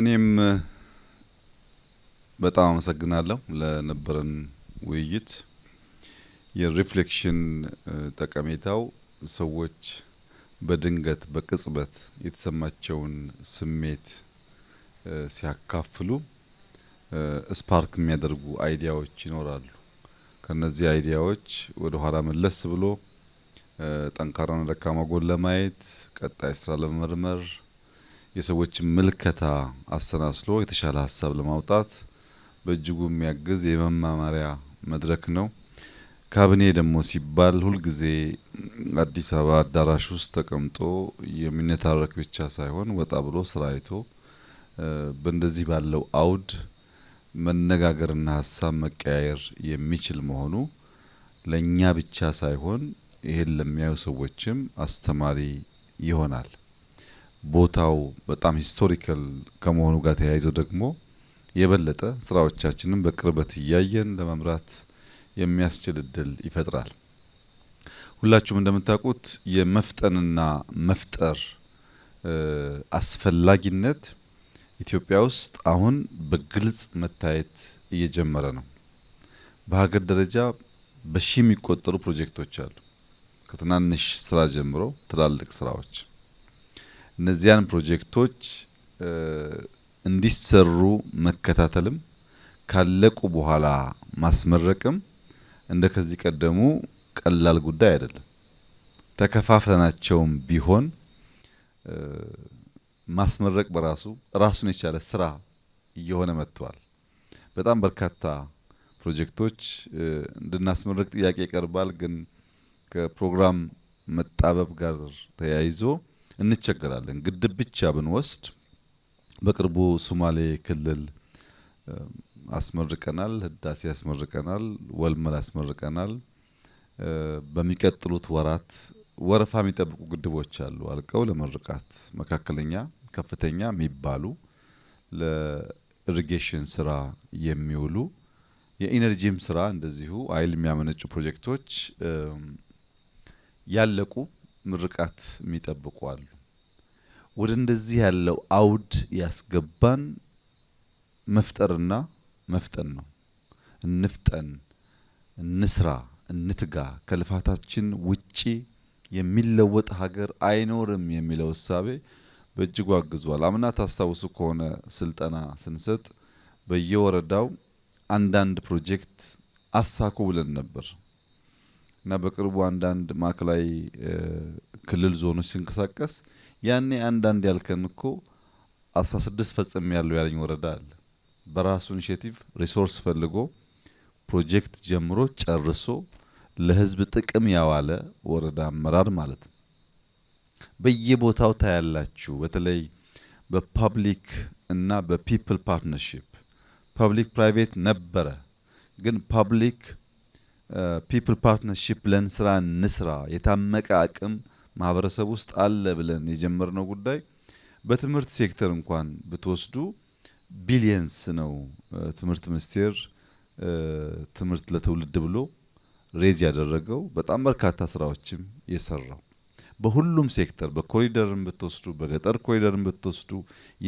እኔም በጣም አመሰግናለሁ ለነበረን ውይይት። የሪፍሌክሽን ጠቀሜታው ሰዎች በድንገት በቅጽበት የተሰማቸውን ስሜት ሲያካፍሉ ስፓርክ የሚያደርጉ አይዲያዎች ይኖራሉ። ከነዚህ አይዲያዎች ወደ ኋላ መለስ ብሎ ጠንካራና ደካማ ጎን ለማየት ቀጣይ ስራ ለመመርመር የሰዎችን ምልከታ አሰናስሎ የተሻለ ሀሳብ ለማውጣት በእጅጉ የሚያግዝ የመማማሪያ መድረክ ነው። ካቢኔ ደግሞ ሲባል ሁልጊዜ አዲስ አበባ አዳራሽ ውስጥ ተቀምጦ የሚነታረክ ብቻ ሳይሆን ወጣ ብሎ ስራ አይቶ በእንደዚህ ባለው አውድ መነጋገርና ሀሳብ መቀያየር የሚችል መሆኑ ለእኛ ብቻ ሳይሆን ይህን ለሚያዩ ሰዎችም አስተማሪ ይሆናል። ቦታው በጣም ሂስቶሪካል ከመሆኑ ጋር ተያይዞ ደግሞ የበለጠ ስራዎቻችንን በቅርበት እያየን ለመምራት የሚያስችል እድል ይፈጥራል። ሁላችሁም እንደምታውቁት የመፍጠንና መፍጠር አስፈላጊነት ኢትዮጵያ ውስጥ አሁን በግልጽ መታየት እየጀመረ ነው። በሀገር ደረጃ በሺ የሚቆጠሩ ፕሮጀክቶች አሉ። ከትናንሽ ስራ ጀምሮ ትላልቅ ስራዎች እነዚያን ፕሮጀክቶች እንዲሰሩ መከታተልም ካለቁ በኋላ ማስመረቅም እንደ ከዚህ ቀደሙ ቀላል ጉዳይ አይደለም። ተከፋፍተናቸውም ቢሆን ማስመረቅ በራሱ ራሱን የቻለ ስራ እየሆነ መጥቷል። በጣም በርካታ ፕሮጀክቶች እንድናስመረቅ ጥያቄ ይቀርባል። ግን ከፕሮግራም መጣበብ ጋር ተያይዞ እንቸገራለን። ግድብ ብቻ ብንወስድ በቅርቡ ሶማሌ ክልል አስመርቀናል፣ ህዳሴ አስመርቀናል፣ ወልመል አስመርቀናል። በሚቀጥሉት ወራት ወረፋ የሚጠብቁ ግድቦች አሉ አልቀው ለመርቃት መካከለኛ፣ ከፍተኛ የሚባሉ ለኢሪጌሽን ስራ የሚውሉ የኢነርጂም ስራ እንደዚሁ አይል የሚያመነጩ ፕሮጀክቶች ያለቁ ምርቃት የሚጠብቁ አሉ። ወደ እንደዚህ ያለው አውድ ያስገባን መፍጠርና መፍጠን ነው። እንፍጠን፣ እንስራ፣ እንትጋ። ከልፋታችን ውጪ የሚለወጥ ሀገር አይኖርም የሚለው እሳቤ በእጅጉ አግዟል። አምና ታስታውሱ ከሆነ ስልጠና ስንሰጥ በየወረዳው አንዳንድ ፕሮጀክት አሳኩ ብለን ነበር እና በቅርቡ አንዳንድ ማዕከላዊ ክልል ዞኖች ሲንቀሳቀስ ያኔ አንዳንድ ያልከን እኮ አስራ ስድስት ፈጽም ያለው ያለኝ ወረዳ አለ። በራሱ ኢኒሽቲቭ ሪሶርስ ፈልጎ ፕሮጀክት ጀምሮ ጨርሶ ለህዝብ ጥቅም ያዋለ ወረዳ አመራር ማለት ነው። በየቦታው ታያላችሁ። በተለይ በፓብሊክ እና በፒፕል ፓርትነርሽፕ ፐብሊክ ፕራይቬት ነበረ፣ ግን ፓብሊክ ፒፕል ፓርትነርሽፕ ለንስራ ንስራ የታመቀ አቅም ማህበረሰብ ውስጥ አለ ብለን የጀመርነው ጉዳይ በትምህርት ሴክተር እንኳን ብትወስዱ ቢሊየንስ ነው ትምህርት ሚኒስቴር ትምህርት ለትውልድ ብሎ ሬዝ ያደረገው በጣም በርካታ ስራዎችም የሰራው በሁሉም ሴክተር በኮሪደርም ብትወስዱ በገጠር ኮሪደርም ብትወስዱ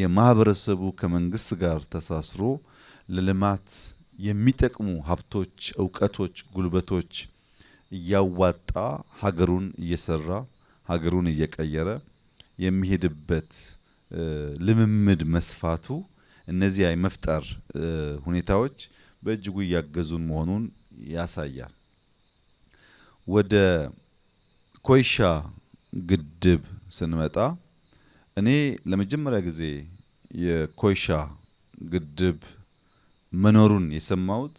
የማህበረሰቡ ከመንግስት ጋር ተሳስሮ ለልማት የሚጠቅሙ ሀብቶች፣ እውቀቶች፣ ጉልበቶች እያዋጣ ሀገሩን እየሰራ ሀገሩን እየቀየረ የሚሄድበት ልምምድ መስፋቱ እነዚህ የመፍጠር ሁኔታዎች በእጅጉ እያገዙን መሆኑን ያሳያል። ወደ ኮይሻ ግድብ ስንመጣ እኔ ለመጀመሪያ ጊዜ የኮይሻ ግድብ መኖሩን የሰማሁት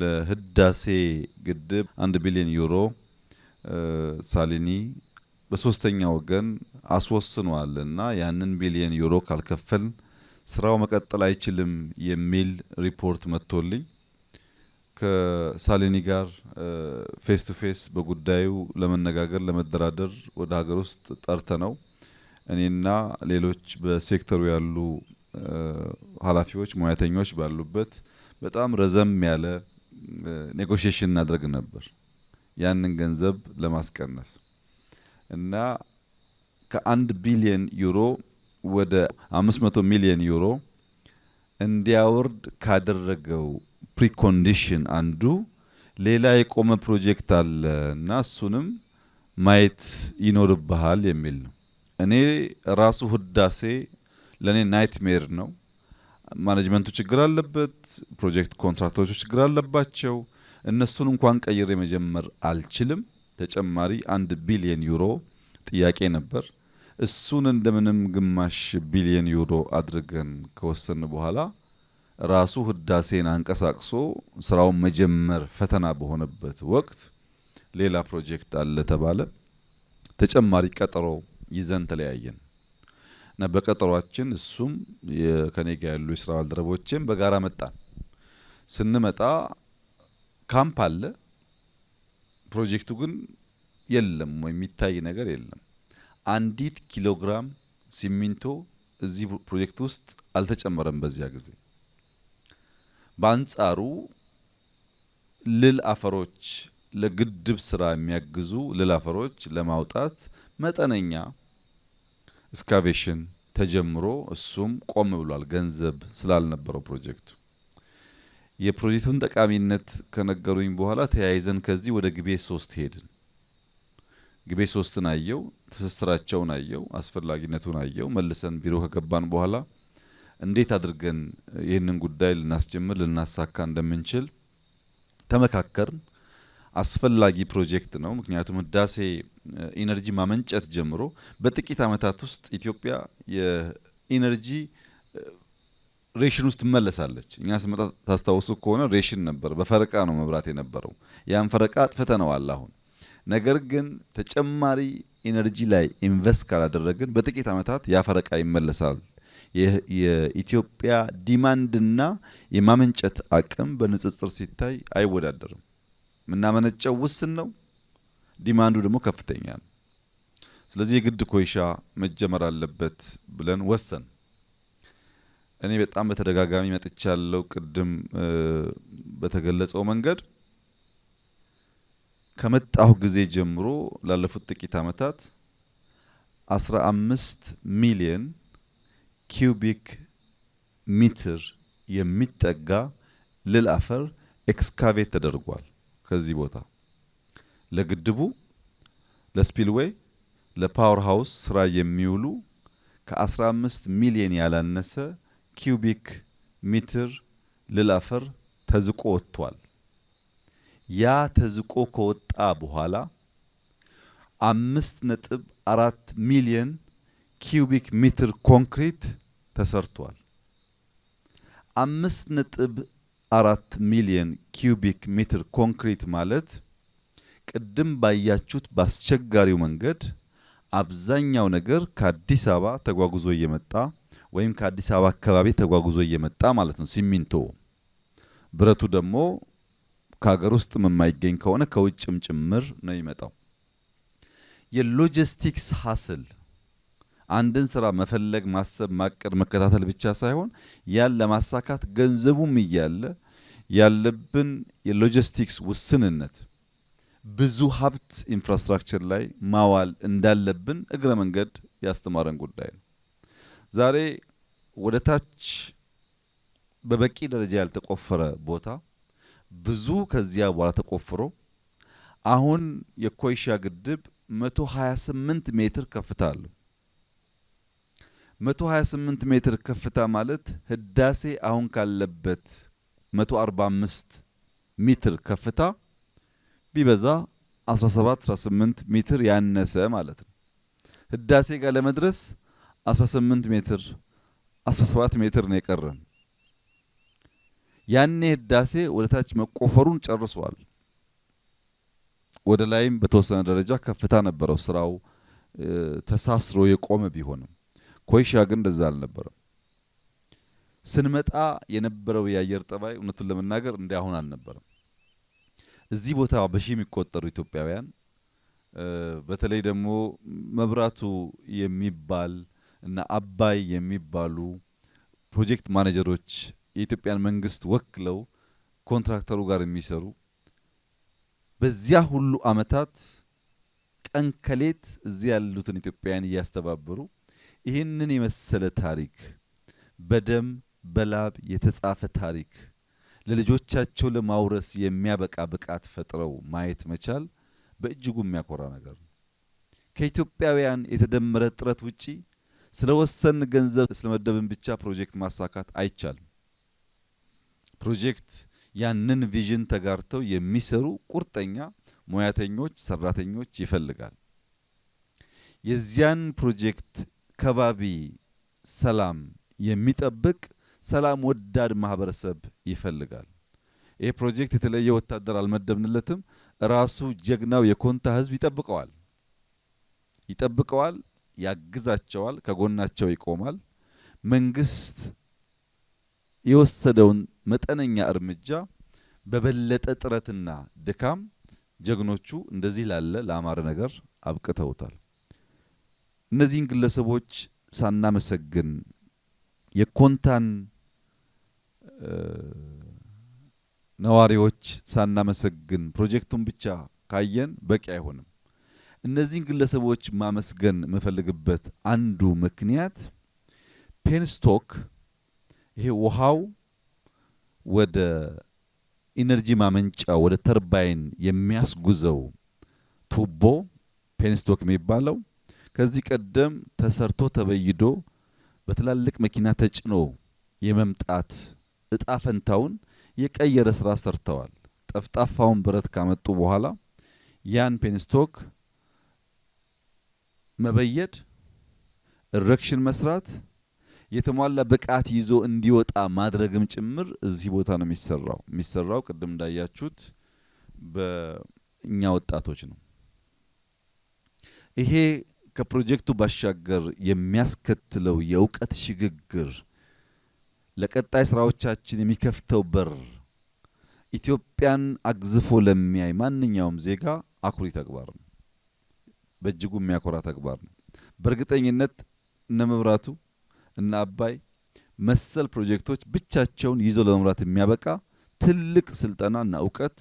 ለህዳሴ ግድብ አንድ ቢሊዮን ዩሮ ሳሊኒ በሶስተኛ ወገን አስወስኗልና ያንን ቢሊየን ዩሮ ካልከፈል ስራው መቀጠል አይችልም የሚል ሪፖርት መጥቶልኝ ከሳሊኒ ጋር ፌስ ቱ ፌስ በጉዳዩ ለመነጋገር ለመደራደር ወደ ሀገር ውስጥ ጠርተ ነው እኔና ሌሎች በሴክተሩ ያሉ ኃላፊዎች ሙያተኞች ባሉበት በጣም ረዘም ያለ ኔጎሽሽን እናደርግ ነበር ያንን ገንዘብ ለማስቀነስ እና ከአንድ ቢሊየን ዩሮ ወደ 500 ሚሊየን ዩሮ እንዲያወርድ ካደረገው ፕሪኮንዲሽን አንዱ ሌላ የቆመ ፕሮጀክት አለ እና እሱንም ማየት ይኖርብሃል የሚል ነው። እኔ ራሱ ህዳሴ ለእኔ ናይትሜር ነው። ማኔጅመንቱ ችግር አለበት፣ ፕሮጀክት ኮንትራክተሮቹ ችግር አለባቸው። እነሱን እንኳን ቀይሬ መጀመር አልችልም። ተጨማሪ አንድ ቢሊየን ዩሮ ጥያቄ ነበር። እሱን እንደምንም ግማሽ ቢሊየን ዩሮ አድርገን ከወሰን በኋላ ራሱ ህዳሴን አንቀሳቅሶ ስራውን መጀመር ፈተና በሆነበት ወቅት ሌላ ፕሮጀክት አለ ተባለ። ተጨማሪ ቀጠሮ ይዘን ተለያየን እና በቀጠሯችን እሱም ከኔ ጋር ያሉ የስራ ባልደረቦቼም በጋራ መጣን። ስንመጣ ካምፕ አለ ፕሮጀክቱ ግን የለም የሚታይ ነገር የለም። አንዲት ኪሎግራም ሲሚንቶ እዚህ ፕሮጀክት ውስጥ አልተጨመረም በዚያ ጊዜ። በአንጻሩ ልል አፈሮች ለግድብ ስራ የሚያግዙ ልል አፈሮች ለማውጣት መጠነኛ እስካቬሽን ተጀምሮ እሱም ቆም ብሏል፣ ገንዘብ ስላልነበረው ፕሮጀክቱ የፕሮጀክቱን ጠቃሚነት ከነገሩኝ በኋላ ተያይዘን ከዚህ ወደ ግቤ ሶስት ሄድን። ግቤ ሶስትን አየው፣ ትስስራቸውን አየው፣ አስፈላጊነቱን አየው። መልሰን ቢሮ ከገባን በኋላ እንዴት አድርገን ይህንን ጉዳይ ልናስጀምር ልናሳካ እንደምንችል ተመካከርን። አስፈላጊ ፕሮጀክት ነው። ምክንያቱም ህዳሴ ኢነርጂ ማመንጨት ጀምሮ በጥቂት ዓመታት ውስጥ ኢትዮጵያ የኢነርጂ ሬሽን ውስጥ ትመለሳለች። እኛ ስመጣ ታስታውሱ ከሆነ ሬሽን ነበር፣ በፈረቃ ነው መብራት የነበረው። ያን ፈረቃ አጥፍተነዋል አሁን። ነገር ግን ተጨማሪ ኢነርጂ ላይ ኢንቨስት ካላደረግን በጥቂት ዓመታት ያ ፈረቃ ይመለሳል። የኢትዮጵያ ዲማንድና የማመንጨት አቅም በንጽጽር ሲታይ አይወዳደርም። የምናመነጨው ውስን ነው፣ ዲማንዱ ደግሞ ከፍተኛ ነው። ስለዚህ የግድ ኮይሻ መጀመር አለበት ብለን ወሰን እኔ በጣም በተደጋጋሚ መጥቻለሁ። ቅድም በተገለጸው መንገድ ከመጣሁ ጊዜ ጀምሮ ላለፉት ጥቂት ዓመታት 15 ሚሊየን ኪዩቢክ ሚትር የሚጠጋ ልል አፈር ኤክስካቬት ተደርጓል። ከዚህ ቦታ ለግድቡ፣ ለስፒልዌይ፣ ለፓወር ሃውስ ስራ የሚውሉ ከ15 ሚሊየን ያላነሰ ኪዩቢክ ሜትር አፈር ተዝቆ ወጥቷል። ያ ተዝቆ ከወጣ በኋላ አምስት ነጥብ አራት ሚሊየን ኪዩቢክ ሜትር ኮንክሪት ተሰርቷል። አምስት ነጥብ አራት ሚሊየን ኪዩቢክ ሜትር ኮንክሪት ማለት ቅድም ባያችሁት በአስቸጋሪው መንገድ አብዛኛው ነገር ከአዲስ አበባ ተጓጉዞ እየመጣ ወይም ከአዲስ አበባ አካባቢ ተጓጉዞ እየመጣ ማለት ነው ሲሚንቶ። ብረቱ ደግሞ ከሀገር ውስጥም የማይገኝ ከሆነ ከውጭም ጭምር ነው ይመጣው። የሎጂስቲክስ ሀስል አንድን ስራ መፈለግ፣ ማሰብ፣ ማቀድ፣ መከታተል ብቻ ሳይሆን ያን ለማሳካት ገንዘቡም እያለ ያለብን የሎጂስቲክስ ውስንነት ብዙ ሀብት ኢንፍራስትራክቸር ላይ ማዋል እንዳለብን እግረ መንገድ ያስተማረን ጉዳይ ነው። ዛሬ ወደ ታች በበቂ ደረጃ ያልተቆፈረ ቦታ ብዙ ከዚያ በኋላ ተቆፍሮ አሁን የኮይሻ ግድብ 128 ሜትር ከፍታ አለው። 128 ሜትር ከፍታ ማለት ህዳሴ አሁን ካለበት 145 ሜትር ከፍታ ቢበዛ 17 18 ሜትር ያነሰ ማለት ነው። ህዳሴ ጋር ለመድረስ 18 ሜትር 17 ሜትር ነው የቀረን። ያኔ ህዳሴ ወደ ታች መቆፈሩን ጨርሷል። ወደ ላይም በተወሰነ ደረጃ ከፍታ ነበረው ስራው ተሳስሮ የቆመ ቢሆንም ኮይሻ ግን እንደዛ አልነበረም። ስንመጣ የነበረው የአየር ጠባይ እውነቱን ለመናገር እንደ አሁን አልነበረም። እዚህ ቦታ በሺህ የሚቆጠሩ ኢትዮጵያውያን በተለይ ደግሞ መብራቱ የሚባል እና አባይ የሚባሉ ፕሮጀክት ማኔጀሮች የኢትዮጵያን መንግስት ወክለው ኮንትራክተሩ ጋር የሚሰሩ በዚያ ሁሉ አመታት ቀን ከሌት እዚህ ያሉትን ኢትዮጵያውያን እያስተባበሩ ይህንን የመሰለ ታሪክ በደም በላብ የተጻፈ ታሪክ ለልጆቻቸው ለማውረስ የሚያበቃ ብቃት ፈጥረው ማየት መቻል በእጅጉ የሚያኮራ ነገር ነው። ከኢትዮጵያውያን የተደመረ ጥረት ውጪ ስለወሰን ገንዘብ ስለመደብን ብቻ ፕሮጀክት ማሳካት አይቻልም። ፕሮጀክት ያንን ቪዥን ተጋርተው የሚሰሩ ቁርጠኛ ሙያተኞች፣ ሰራተኞች ይፈልጋል። የዚያን ፕሮጀክት ከባቢ ሰላም የሚጠብቅ ሰላም ወዳድ ማህበረሰብ ይፈልጋል። ይህ ፕሮጀክት የተለየ ወታደር አልመደብንለትም። ራሱ ጀግናው የኮንታ ህዝብ ይጠብቀዋል ይጠብቀዋል። ያግዛቸዋል፣ ከጎናቸው ይቆማል። መንግስት የወሰደውን መጠነኛ እርምጃ በበለጠ ጥረትና ድካም ጀግኖቹ እንደዚህ ላለ ለአማረ ነገር አብቅተውታል። እነዚህን ግለሰቦች ሳናመሰግን የኮንታን ነዋሪዎች ሳናመሰግን ፕሮጀክቱን ብቻ ካየን በቂ አይሆንም። እነዚህን ግለሰቦች ማመስገን የምፈልግበት አንዱ ምክንያት ፔንስቶክ ይሄ ውሃው ወደ ኢነርጂ ማመንጫ ወደ ተርባይን የሚያስጉዘው ቱቦ ፔንስቶክ የሚባለው ከዚህ ቀደም ተሰርቶ ተበይዶ በትላልቅ መኪና ተጭኖ የመምጣት እጣ ፈንታውን የቀየረ ስራ ሰርተዋል። ጠፍጣፋውን ብረት ካመጡ በኋላ ያን ፔንስቶክ መበየድ፣ ረክሽን መስራት የተሟላ ብቃት ይዞ እንዲወጣ ማድረግም ጭምር እዚህ ቦታ ነው የሚሰራው። የሚሰራው ቅድም እንዳያችሁት በእኛ ወጣቶች ነው። ይሄ ከፕሮጀክቱ ባሻገር የሚያስከትለው የእውቀት ሽግግር ለቀጣይ ስራዎቻችን የሚከፍተው በር ኢትዮጵያን አግዝፎ ለሚያይ ማንኛውም ዜጋ አኩሪ ተግባር ነው። በእጅጉ የሚያኮራ ተግባር ነው። በእርግጠኝነት እነ መብራቱ እነ አባይ መሰል ፕሮጀክቶች ብቻቸውን ይዘው ለመምራት የሚያበቃ ትልቅ ስልጠና እና እውቀት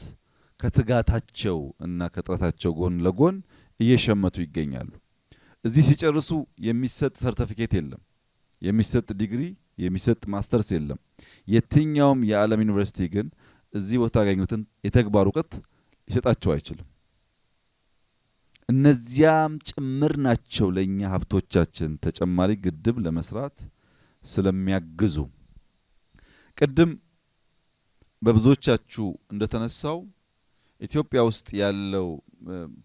ከትጋታቸው እና ከጥረታቸው ጎን ለጎን እየሸመቱ ይገኛሉ። እዚህ ሲጨርሱ የሚሰጥ ሰርተፊኬት የለም፣ የሚሰጥ ዲግሪ፣ የሚሰጥ ማስተርስ የለም። የትኛውም የዓለም ዩኒቨርሲቲ ግን እዚህ ቦታ ያገኙትን የተግባር እውቀት ሊሰጣቸው አይችልም። እነዚያም ጭምር ናቸው ለእኛ ሀብቶቻችን ተጨማሪ ግድብ ለመስራት ስለሚያግዙ። ቅድም በብዙዎቻችሁ እንደተነሳው ኢትዮጵያ ውስጥ ያለው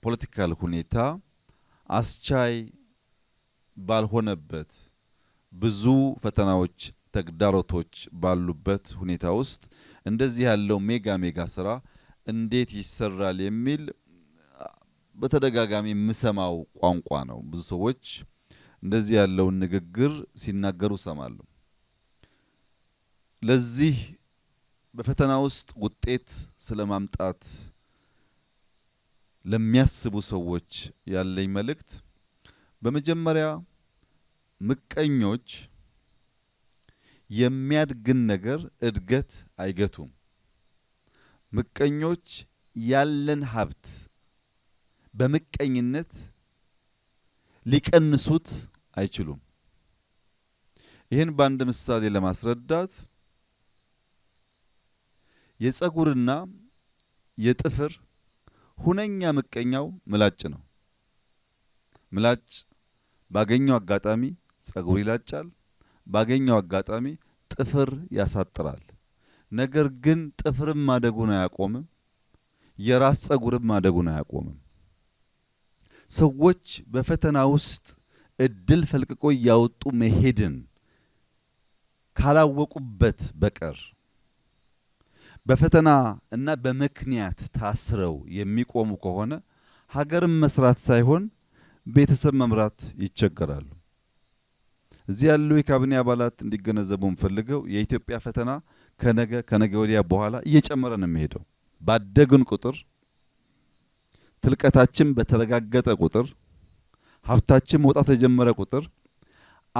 ፖለቲካል ሁኔታ አስቻይ ባልሆነበት ብዙ ፈተናዎች፣ ተግዳሮቶች ባሉበት ሁኔታ ውስጥ እንደዚህ ያለው ሜጋ ሜጋ ስራ እንዴት ይሰራል የሚል በተደጋጋሚ የምሰማው ቋንቋ ነው። ብዙ ሰዎች እንደዚህ ያለውን ንግግር ሲናገሩ እሰማለሁ። ለዚህ በፈተና ውስጥ ውጤት ስለማምጣት ለሚያስቡ ሰዎች ያለኝ መልእክት በመጀመሪያ ምቀኞች የሚያድግን ነገር እድገት አይገቱም። ምቀኞች ያለን ሀብት በምቀኝነት ሊቀንሱት አይችሉም። ይህን በአንድ ምሳሌ ለማስረዳት የጸጉርና የጥፍር ሁነኛ ምቀኛው ምላጭ ነው። ምላጭ ባገኘው አጋጣሚ ጸጉር ይላጫል፣ ባገኘው አጋጣሚ ጥፍር ያሳጥራል። ነገር ግን ጥፍርም ማደጉን አያቆምም፣ የራስ ጸጉርም ማደጉን አያቆምም። ሰዎች በፈተና ውስጥ እድል ፈልቅቆ እያወጡ መሄድን ካላወቁበት በቀር በፈተና እና በምክንያት ታስረው የሚቆሙ ከሆነ ሀገርን መስራት ሳይሆን ቤተሰብ መምራት ይቸገራሉ። እዚህ ያሉ የካቢኔ አባላት እንዲገነዘቡ ምፈልገው የኢትዮጵያ ፈተና ከነገ ከነገ ወዲያ በኋላ እየጨመረ ነው የሚሄደው። ባደግን ቁጥር ትልቀታችን በተረጋገጠ ቁጥር ሀብታችን መውጣት የጀመረ ቁጥር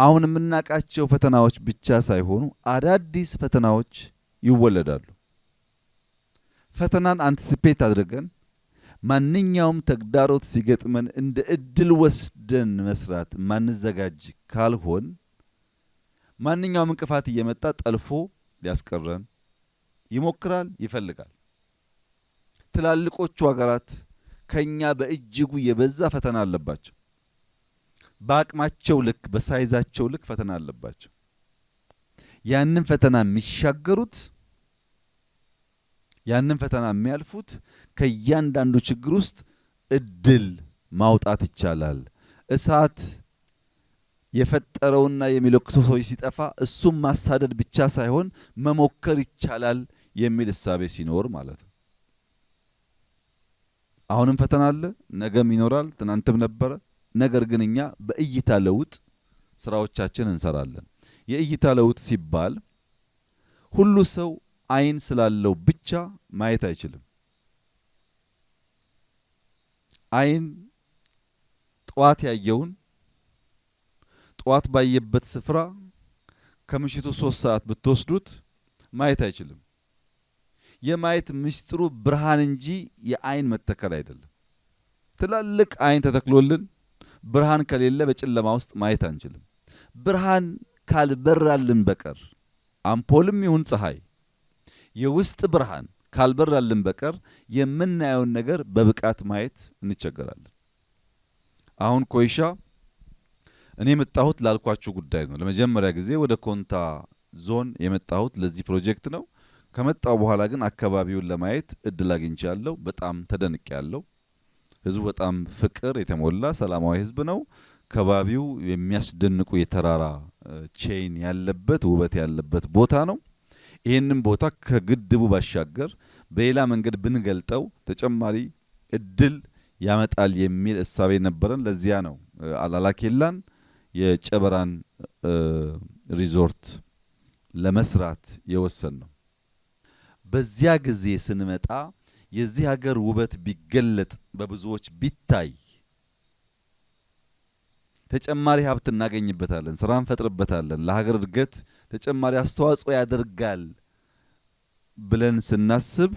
አሁን የምናውቃቸው ፈተናዎች ብቻ ሳይሆኑ አዳዲስ ፈተናዎች ይወለዳሉ። ፈተናን አንቲሲፔት አድርገን ማንኛውም ተግዳሮት ሲገጥመን እንደ እድል ወስደን መስራት ማንዘጋጅ ካልሆን ማንኛውም እንቅፋት እየመጣ ጠልፎ ሊያስቀረን ይሞክራል፣ ይፈልጋል። ትላልቆቹ ሀገራት ከኛ በእጅጉ የበዛ ፈተና አለባቸው። በአቅማቸው ልክ በሳይዛቸው ልክ ፈተና አለባቸው። ያንን ፈተና የሚሻገሩት ያንን ፈተና የሚያልፉት ከእያንዳንዱ ችግር ውስጥ እድል ማውጣት ይቻላል። እሳት የፈጠረውና የሚለክሰው ሰው ሲጠፋ እሱም ማሳደድ ብቻ ሳይሆን መሞከር ይቻላል የሚል እሳቤ ሲኖር ማለት ነው። አሁንም ፈተና አለ፣ ነገም ይኖራል፣ ትናንትም ነበረ። ነገር ግን እኛ በእይታ ለውጥ ስራዎቻችን እንሰራለን። የእይታ ለውጥ ሲባል ሁሉ ሰው አይን ስላለው ብቻ ማየት አይችልም። አይን ጠዋት ያየውን ጠዋት ባየበት ስፍራ ከምሽቱ ሶስት ሰዓት ብትወስዱት ማየት አይችልም። የማየት ምስጢሩ ብርሃን እንጂ የአይን መተከል አይደለም። ትላልቅ አይን ተተክሎልን ብርሃን ከሌለ በጨለማ ውስጥ ማየት አንችልም። ብርሃን ካልበራልን በቀር አምፖልም ይሁን ፀሐይ የውስጥ ብርሃን ካልበራልን በቀር የምናየውን ነገር በብቃት ማየት እንቸገራለን። አሁን ኮይሻ እኔ የመጣሁት ላልኳችሁ ጉዳይ ነው። ለመጀመሪያ ጊዜ ወደ ኮንታ ዞን የመጣሁት ለዚህ ፕሮጀክት ነው። ከመጣው በኋላ ግን አካባቢውን ለማየት እድል አግኝቻለሁ። በጣም ተደንቅ ያለው ህዝቡ በጣም ፍቅር የተሞላ ሰላማዊ ህዝብ ነው። ከባቢው የሚያስደንቁ የተራራ ቼይን ያለበት ውበት ያለበት ቦታ ነው። ይህንም ቦታ ከግድቡ ባሻገር በሌላ መንገድ ብንገልጠው ተጨማሪ እድል ያመጣል የሚል እሳቤ ነበረን። ለዚያ ነው አላላኬላን የጨበራን ሪዞርት ለመስራት የወሰን ነው። በዚያ ጊዜ ስንመጣ የዚህ ሀገር ውበት ቢገለጥ በብዙዎች ቢታይ ተጨማሪ ሀብት እናገኝበታለን፣ ስራ እንፈጥርበታለን፣ ለሀገር እድገት ተጨማሪ አስተዋጽኦ ያደርጋል ብለን ስናስብ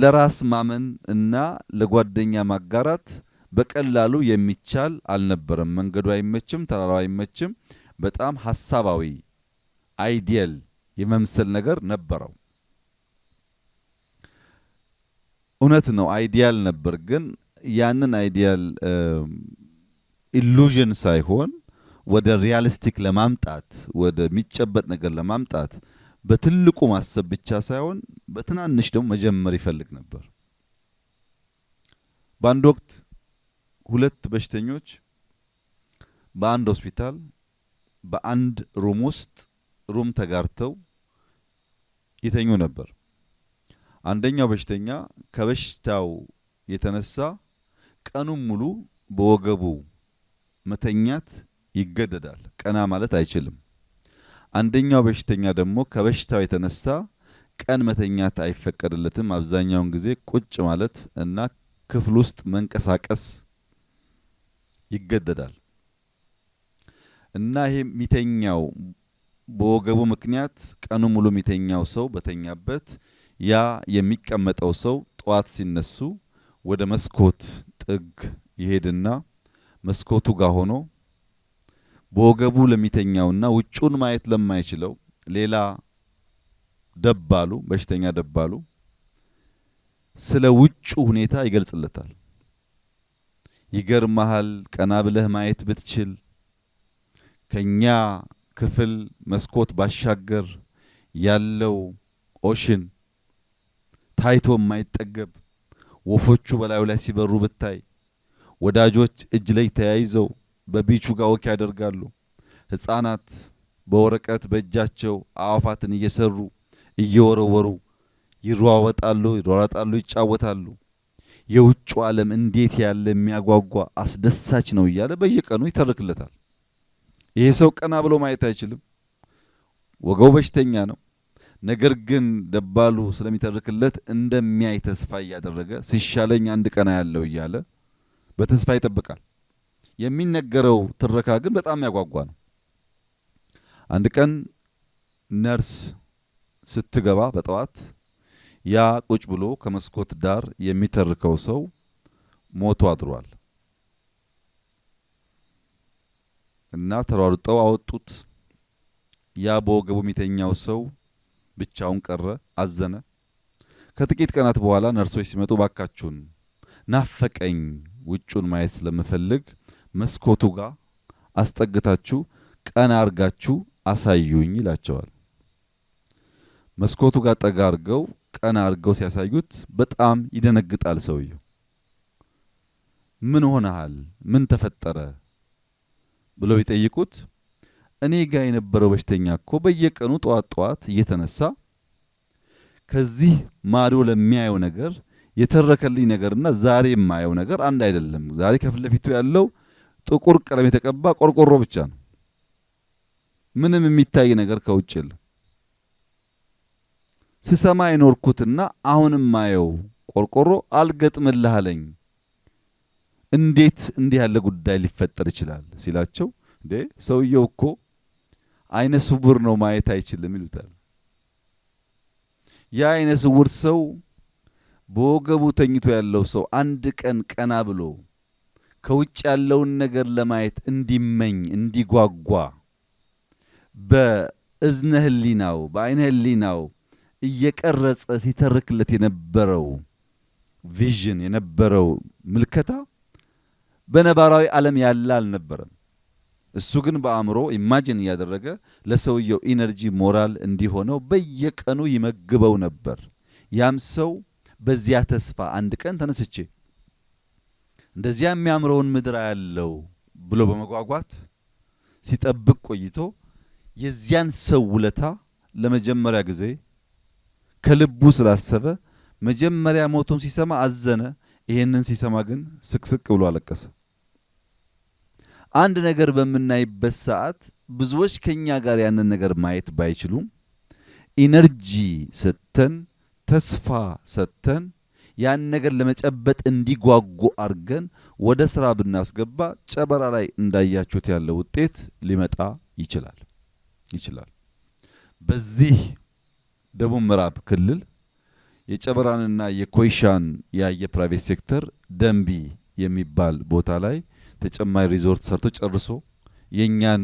ለራስ ማመን እና ለጓደኛ ማጋራት በቀላሉ የሚቻል አልነበረም። መንገዱ አይመችም፣ ተራራው አይመችም። በጣም ሀሳባዊ አይዲየል የመምሰል ነገር ነበረው። እውነት ነው አይዲያል ነበር። ግን ያንን አይዲያል ኢሉዥን ሳይሆን ወደ ሪያሊስቲክ ለማምጣት ወደሚጨበጥ ነገር ለማምጣት በትልቁ ማሰብ ብቻ ሳይሆን በትናንሽ ደግሞ መጀመር ይፈልግ ነበር። በአንድ ወቅት ሁለት በሽተኞች በአንድ ሆስፒታል በአንድ ሩም ውስጥ ሩም ተጋርተው ይተኙ ነበር። አንደኛው በሽተኛ ከበሽታው የተነሳ ቀኑን ሙሉ በወገቡ መተኛት ይገደዳል። ቀና ማለት አይችልም። አንደኛው በሽተኛ ደግሞ ከበሽታው የተነሳ ቀን መተኛት አይፈቀድለትም። አብዛኛውን ጊዜ ቁጭ ማለት እና ክፍል ውስጥ መንቀሳቀስ ይገደዳል እና ይሄ የሚተኛው በወገቡ ምክንያት ቀኑ ሙሉ የሚተኛው ሰው በተኛበት ያ የሚቀመጠው ሰው ጠዋት ሲነሱ ወደ መስኮት ጥግ ይሄድና መስኮቱ ጋር ሆኖ በወገቡ ለሚተኛውና ውጩን ማየት ለማይችለው ሌላ ደባሉ በሽተኛ ደባሉ ስለ ውጩ ሁኔታ ይገልጽለታል። ይገርመሃል፣ ቀና ብለህ ማየት ብትችል ከኛ ክፍል መስኮት ባሻገር ያለው ኦሽን ታይቶ የማይጠገብ ወፎቹ በላዩ ላይ ሲበሩ ብታይ፣ ወዳጆች እጅ ለእጅ ተያይዘው በቢቹ ጋር ወክ ያደርጋሉ። ህፃናት በወረቀት በእጃቸው አዕዋፋትን እየሰሩ እየወረወሩ ይሯወጣሉ፣ ይሯራጣሉ፣ ይጫወታሉ። የውጭ ዓለም እንዴት ያለ የሚያጓጓ አስደሳች ነው እያለ በየቀኑ ይተርክለታል። ይሄ ሰው ቀና ብሎ ማየት አይችልም። ወገው በሽተኛ ነው። ነገር ግን ደባሉ ስለሚተርክለት እንደሚያይ ተስፋ እያደረገ ሲሻለኝ አንድ ቀና ያለው እያለ በተስፋ ይጠብቃል። የሚነገረው ትረካ ግን በጣም ያጓጓ ነው። አንድ ቀን ነርስ ስትገባ በጠዋት ያ ቁጭ ብሎ ከመስኮት ዳር የሚተርከው ሰው ሞቶ አድሯል እና ተሯርጠው አወጡት። ያ በወገቡ የሚተኛው ሰው ብቻውን ቀረ፣ አዘነ። ከጥቂት ቀናት በኋላ ነርሶች ሲመጡ ባካችሁን ናፈቀኝ፣ ውጩን ማየት ስለምፈልግ መስኮቱ ጋር አስጠግታችሁ ቀና አርጋችሁ አሳዩኝ ይላቸዋል። መስኮቱ ጋር ጠጋ አርገው ቀና አርገው ሲያሳዩት በጣም ይደነግጣል ሰውየው። ምን ሆነሃል? ምን ተፈጠረ? ብለው ቢጠይቁት እኔ ጋ የነበረው በሽተኛ እኮ በየቀኑ ጠዋት ጠዋት እየተነሳ ከዚህ ማዶ ለሚያየው ነገር የተረከልኝ ነገርና ዛሬ የማየው ነገር አንድ አይደለም። ዛሬ ከፊት ለፊቱ ያለው ጥቁር ቀለም የተቀባ ቆርቆሮ ብቻ ነው። ምንም የሚታይ ነገር ከውጭ የለም። ስሰማ የኖርኩትና አሁንም ማየው ቆርቆሮ አልገጥምልህ አለኝ። እንዴት እንዲህ ያለ ጉዳይ ሊፈጠር ይችላል ሲላቸው እንዴ ሰውየው እኮ አይነ ስውር ነው ማየት አይችልም ይሉታል። ያ አይነ ስውር ሰው በወገቡ ተኝቶ ያለው ሰው አንድ ቀን ቀና ብሎ ከውጭ ያለውን ነገር ለማየት እንዲመኝ እንዲጓጓ በእዝነ ህሊናው በአይነ ህሊናው እየቀረጸ ሲተርክለት የነበረው ቪዥን የነበረው ምልከታ በነባራዊ ዓለም ያለ አልነበረም። እሱ ግን በአእምሮ ኢማጂን እያደረገ ለሰውየው ኢነርጂ ሞራል እንዲሆነው በየቀኑ ይመግበው ነበር። ያም ሰው በዚያ ተስፋ አንድ ቀን ተነስቼ እንደዚያ የሚያምረውን ምድር ያለው ብሎ በመጓጓት ሲጠብቅ ቆይቶ የዚያን ሰው ውለታ ለመጀመሪያ ጊዜ ከልቡ ስላሰበ መጀመሪያ ሞቱን ሲሰማ አዘነ። ይሄንን ሲሰማ ግን ስቅስቅ ብሎ አለቀሰ። አንድ ነገር በምናይበት ሰዓት ብዙዎች ከኛ ጋር ያንን ነገር ማየት ባይችሉም ኢነርጂ ሰጥተን ተስፋ ሰጥተን ያን ነገር ለመጨበጥ እንዲጓጉ አድርገን ወደ ስራ ብናስገባ ጨበራ ላይ እንዳያችሁት ያለ ውጤት ሊመጣ ይችላል ይችላል። በዚህ ደቡብ ምዕራብ ክልል የጨበራንና የኮይሻን ያየ ፕራይቬት ሴክተር ደንቢ የሚባል ቦታ ላይ ተጨማሪ ሪዞርት ሰርቶ ጨርሶ የእኛን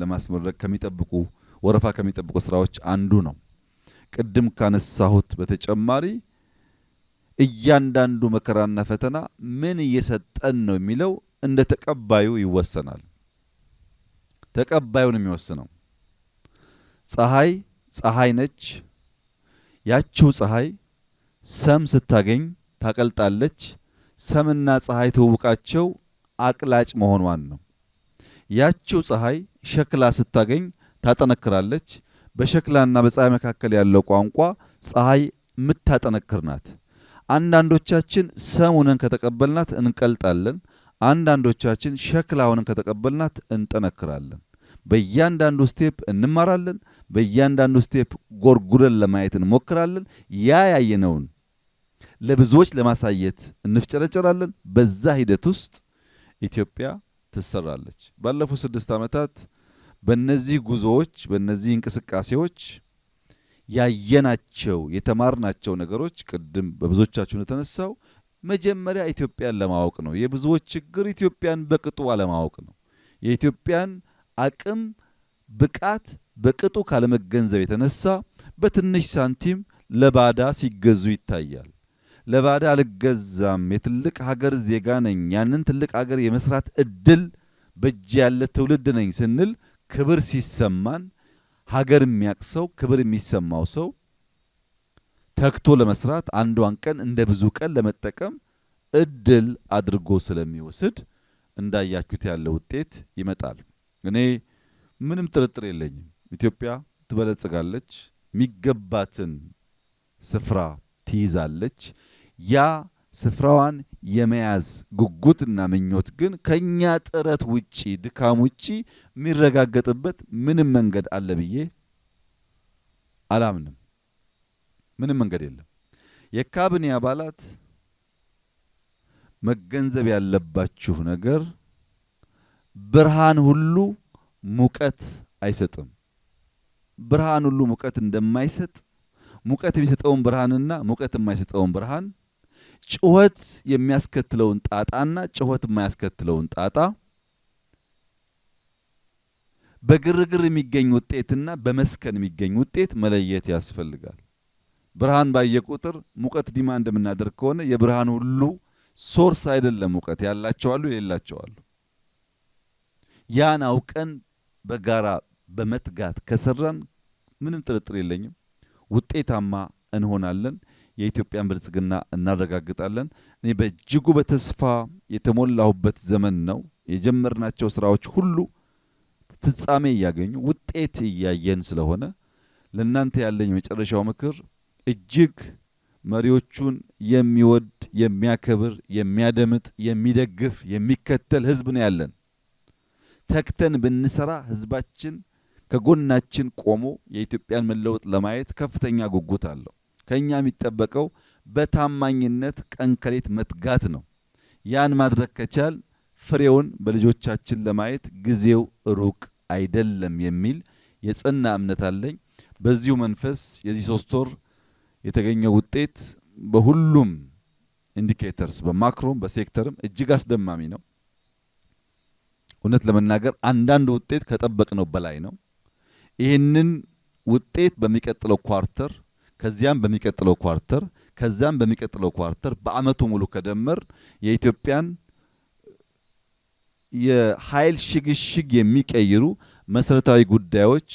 ለማስመረቅ ከሚጠብቁ ወረፋ ከሚጠብቁ ስራዎች አንዱ ነው። ቅድም ካነሳሁት በተጨማሪ እያንዳንዱ መከራና ፈተና ምን እየሰጠን ነው የሚለው እንደ ተቀባዩ ይወሰናል። ተቀባዩን የሚወስነው ፀሐይ ፀሐይ ነች። ያችው ፀሐይ ሰም ስታገኝ ታቀልጣለች። ሰምና ፀሐይ ትውውቃቸው አቅላጭ መሆኗን ነው። ያቺው ፀሐይ ሸክላ ስታገኝ ታጠነክራለች። በሸክላና በፀሐይ መካከል ያለው ቋንቋ ፀሐይ የምታጠነክር ናት። አንዳንዶቻችን ሰሙንን ከተቀበልናት እንቀልጣለን። አንዳንዶቻችን ሸክላውንን ከተቀበልናት እንጠነክራለን። በእያንዳንዱ ስቴፕ እንማራለን። በእያንዳንዱ ስቴፕ ጎርጉረን ለማየት እንሞክራለን። ያ ያየነውን ለብዙዎች ለማሳየት እንፍጨረጨራለን። በዛ ሂደት ውስጥ ኢትዮጵያ ትሰራለች። ባለፉት ስድስት ዓመታት በእነዚህ ጉዞዎች፣ በእነዚህ እንቅስቃሴዎች ያየናቸው የተማርናቸው ነገሮች ቅድም በብዙዎቻችሁ እንደተነሳው መጀመሪያ ኢትዮጵያን ለማወቅ ነው። የብዙዎች ችግር ኢትዮጵያን በቅጡ አለማወቅ ነው። የኢትዮጵያን አቅም ብቃት በቅጡ ካለመገንዘብ የተነሳ በትንሽ ሳንቲም ለባዳ ሲገዙ ይታያል። ለባዳ አልገዛም፣ የትልቅ ሀገር ዜጋ ነኝ፣ ያንን ትልቅ ሀገር የመስራት እድል በእጅ ያለ ትውልድ ነኝ ስንል ክብር ሲሰማን ሀገር የሚያቅ ሰው ክብር የሚሰማው ሰው ተግቶ ለመስራት አንዷን ቀን እንደ ብዙ ቀን ለመጠቀም እድል አድርጎ ስለሚወስድ እንዳያችሁት ያለ ውጤት ይመጣል። እኔ ምንም ጥርጥር የለኝም ኢትዮጵያ ትበለጽጋለች፣ የሚገባትን ስፍራ ትይዛለች። ያ ስፍራዋን የመያዝ ጉጉትና ምኞት ግን ከእኛ ጥረት ውጪ ድካም ውጪ የሚረጋገጥበት ምንም መንገድ አለ ብዬ አላምንም። ምንም መንገድ የለም። የካቢኔ አባላት መገንዘብ ያለባችሁ ነገር ብርሃን ሁሉ ሙቀት አይሰጥም። ብርሃን ሁሉ ሙቀት እንደማይሰጥ ሙቀት የሚሰጠውን ብርሃንና ሙቀት የማይሰጠውን ብርሃን ጩኸት የሚያስከትለውን ጣጣና ጩኸት የማያስከትለውን ጣጣ በግርግር የሚገኝ ውጤትና በመስከን የሚገኝ ውጤት መለየት ያስፈልጋል። ብርሃን ባየ ቁጥር ሙቀት ዲማ እንደምናደርግ ከሆነ የብርሃን ሁሉ ሶርስ አይደለም ሙቀት ያላቸዋሉ የሌላቸዋሉ። ያን አውቀን በጋራ በመትጋት ከሰራን ምንም ጥርጥር የለኝም ውጤታማ እንሆናለን። የኢትዮጵያን ብልጽግና እናረጋግጣለን። እኔ በእጅጉ በተስፋ የተሞላሁበት ዘመን ነው። የጀመርናቸው ስራዎች ሁሉ ፍጻሜ እያገኙ ውጤት እያየን ስለሆነ ለእናንተ ያለኝ የመጨረሻው ምክር እጅግ መሪዎቹን የሚወድ የሚያከብር፣ የሚያደምጥ፣ የሚደግፍ፣ የሚከተል ህዝብ ነው ያለን። ተክተን ብንሰራ ህዝባችን ከጎናችን ቆሞ የኢትዮጵያን መለወጥ ለማየት ከፍተኛ ጉጉት አለው። ከእኛ የሚጠበቀው በታማኝነት ቀንከሌት መትጋት ነው። ያን ማድረግ ከቻል ፍሬውን በልጆቻችን ለማየት ጊዜው ሩቅ አይደለም የሚል የጸና እምነት አለኝ። በዚሁ መንፈስ የዚህ ሶስት ወር የተገኘው ውጤት በሁሉም ኢንዲኬተርስ በማክሮም በሴክተርም እጅግ አስደማሚ ነው። እውነት ለመናገር አንዳንድ ውጤት ከጠበቅነው በላይ ነው። ይህንን ውጤት በሚቀጥለው ኳርተር ከዚያም በሚቀጥለው ኳርተር ከዚያም በሚቀጥለው ኳርተር በአመቱ ሙሉ ከደመር የኢትዮጵያን የኃይል ሽግሽግ የሚቀይሩ መሰረታዊ ጉዳዮች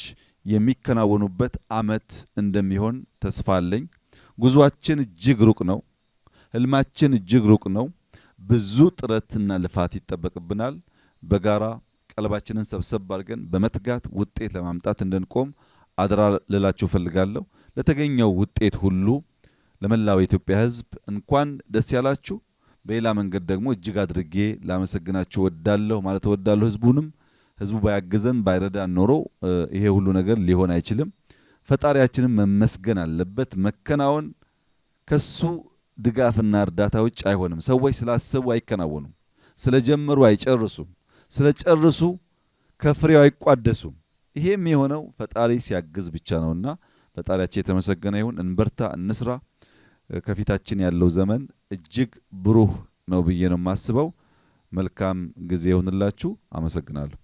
የሚከናወኑበት አመት እንደሚሆን ተስፋ አለኝ። ጉዟችን እጅግ ሩቅ ነው። ህልማችን እጅግ ሩቅ ነው። ብዙ ጥረትና ልፋት ይጠበቅብናል። በጋራ ቀለባችንን ሰብሰብ አድርገን በመትጋት ውጤት ለማምጣት እንድንቆም አደራ ልላችሁ እፈልጋለሁ። ለተገኘው ውጤት ሁሉ ለመላው የኢትዮጵያ ሕዝብ እንኳን ደስ ያላችሁ። በሌላ መንገድ ደግሞ እጅግ አድርጌ ላመሰግናችሁ ወዳለሁ ማለት ወዳለሁ። ሕዝቡንም ሕዝቡ ባያግዘን ባይረዳን ኖሮ ይሄ ሁሉ ነገር ሊሆን አይችልም። ፈጣሪያችንም መመስገን አለበት። መከናወን ከሱ ድጋፍና እርዳታ ውጭ አይሆንም። ሰዎች ስላሰቡ አይከናወኑም፣ ስለጀመሩ አይጨርሱም፣ ስለጨርሱ ከፍሬው አይቋደሱም። ይሄም የሆነው ፈጣሪ ሲያግዝ ብቻ ነውና ፈጣሪያችን የተመሰገነ ይሁን። እንበርታ፣ እንስራ። ከፊታችን ያለው ዘመን እጅግ ብሩህ ነው ብዬ ነው የማስበው። መልካም ጊዜ ይሁንላችሁ። አመሰግናለሁ።